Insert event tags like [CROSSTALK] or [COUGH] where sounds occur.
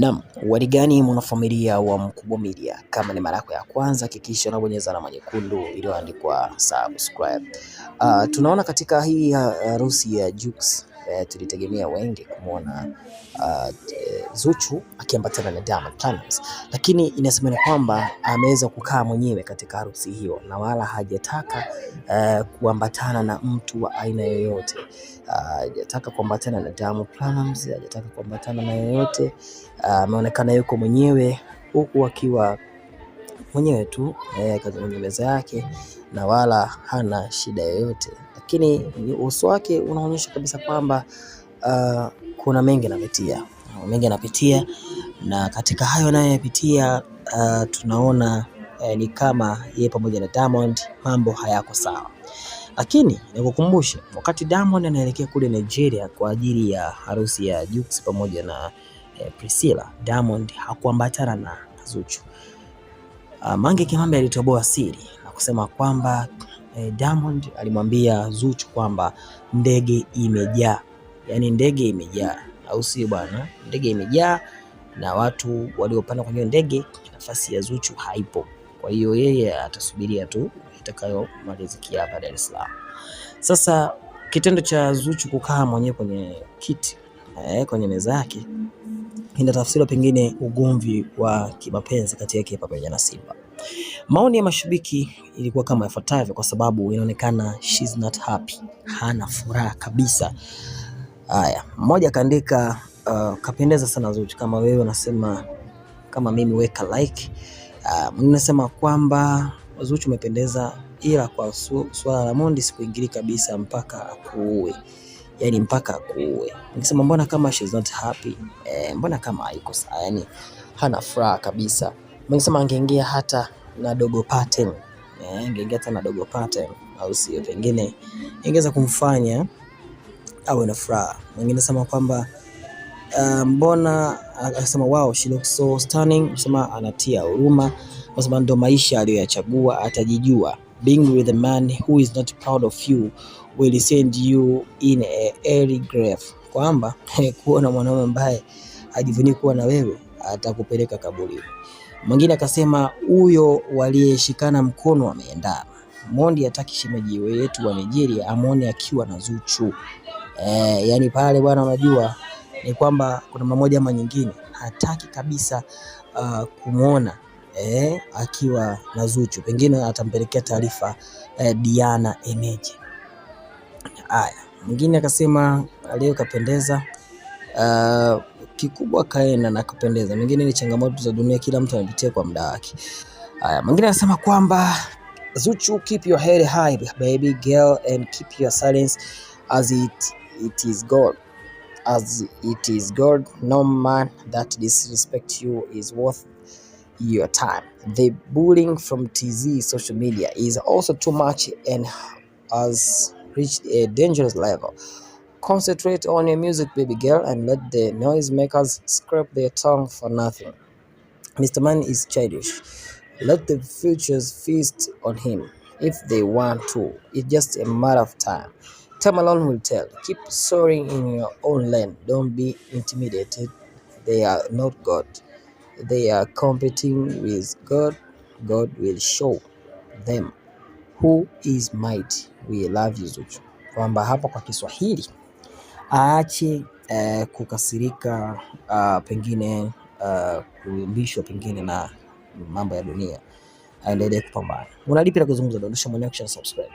Naam, wali gani mwanafamilia wa Mkubwa Media? Kama ni mara yako ya kwanza hakikisha unabonyeza alama nyekundu iliyoandikwa subscribe. Uh, tunaona katika hii harusi ya Jux eh, tulitegemea wengi kumwona uh, ah, Zuchu akiambatana na Diamond Platnumz, lakini inasemekana kwamba ameweza kukaa mwenyewe katika harusi hiyo na wala hajataka uh, kuambatana na mtu wa aina yoyote. Ah, hajataka uh, kuambatana na Diamond Platnumz, hajataka kuambatana na yoyote. Ah, ameonekana uh, yuko mwenyewe huku akiwa mwenyewe tu eh, kwenye meza yake na wala hana shida yoyote lakini uso wake unaonyesha kabisa kwamba uh, kuna mengi anapitia, mengi anapitia, na katika hayo anayoyapitia uh, tunaona uh, ni kama yeye pamoja na Diamond mambo hayako sawa lakini nikukumbushe, wakati Diamond anaelekea kule Nigeria kwa ajili ya harusi ya Jux pamoja na uh, Priscilla, Diamond hakuambatana na Zuchu. Uh, Mange Kimambi alitoboa siri na kusema kwamba eh, Diamond alimwambia Zuchu kwamba ndege imejaa, yaani ndege imejaa, au sio bwana? Ndege imejaa na watu waliopanda kwenye ndege, nafasi ya Zuchu haipo. Kwa hiyo yeye atasubiria tu itakayomalizikia hapa Dar es Salaam. Sasa kitendo cha Zuchu kukaa mwenyewe kwenye kiti eh, kwenye meza yake inatafsiriwa pengine ugomvi wa kimapenzi kati yake pamoja na Simba. Maoni ya mashabiki ilikuwa kama ifuatavyo, kwa sababu inaonekana she's not happy, hana furaha kabisa. Haya, mmoja akaandika uh, kapendeza sana Zuchu, kama wewe unasema kama mimi weka like. Uh, nasema kwamba Zuchu umependeza, ila kwa suala la Mondi sikuingili kabisa mpaka akuue yani mpaka akuue. Nikisema mbona kama she is not happy e, mbona kama haiko sawa, yani hana furaha kabisa. Nikisema angeingia hata na dogo pattern eh, angeingia hata na dogo pattern, au sio, pengine ingeweza kumfanya awe na furaha. Mwingine sema kwamba Uh, mbona akasema wow, she looks so stunning. Sema anatia huruma kwa sababu ndo maisha aliyoyachagua, atajijua being with a man who is not proud of you will send you in a early grave, kwamba [LAUGHS] kuona mwanaume ambaye hajivunii kuwa na wewe atakupeleka kaburi. Mwingine akasema huyo waliyeshikana mkono ameenda. Mondi ataki shemeji yetu wa Nigeria amwone akiwa na Zuchu. E, yani pale bwana, unajua ni kwamba kuna mmoja ama nyingine hataki kabisa uh, kumwona eh, akiwa na Zuchu, pengine atampelekea taarifa eh, Diana eneje. Haya, mwingine akasema leo kapendeza. Uh, kikubwa kaenda na kapendeza. Mwingine ni changamoto za dunia, kila mtu anapitia kwa muda wake. Haya, mwingine anasema kwamba Zuchu, keep your head high baby girl and keep your silence as it, it is gold as it is gold no man that disrespect you is worth your time. The bullying from TZ social media is also too much and has reached a dangerous level. Concentrate on your music, baby girl, and let the noisemakers scrape their tongue for nothing. Mr. Man is childish. Let the futures feast on him if they want to. It's just a matter of time. Time alone will tell. Keep soaring in your own land Don't be intimidated. They are not God they are competing with God, God will show them who is mighty. We love you Zuchu, kwamba hapa kwa Kiswahili aache eh, kukasirika uh, pengine uh, kuimbishwa pengine na mambo ya dunia, aendelee kupambana. Unalipi la kuzungumza? Dondosha maoni yako, subscribe.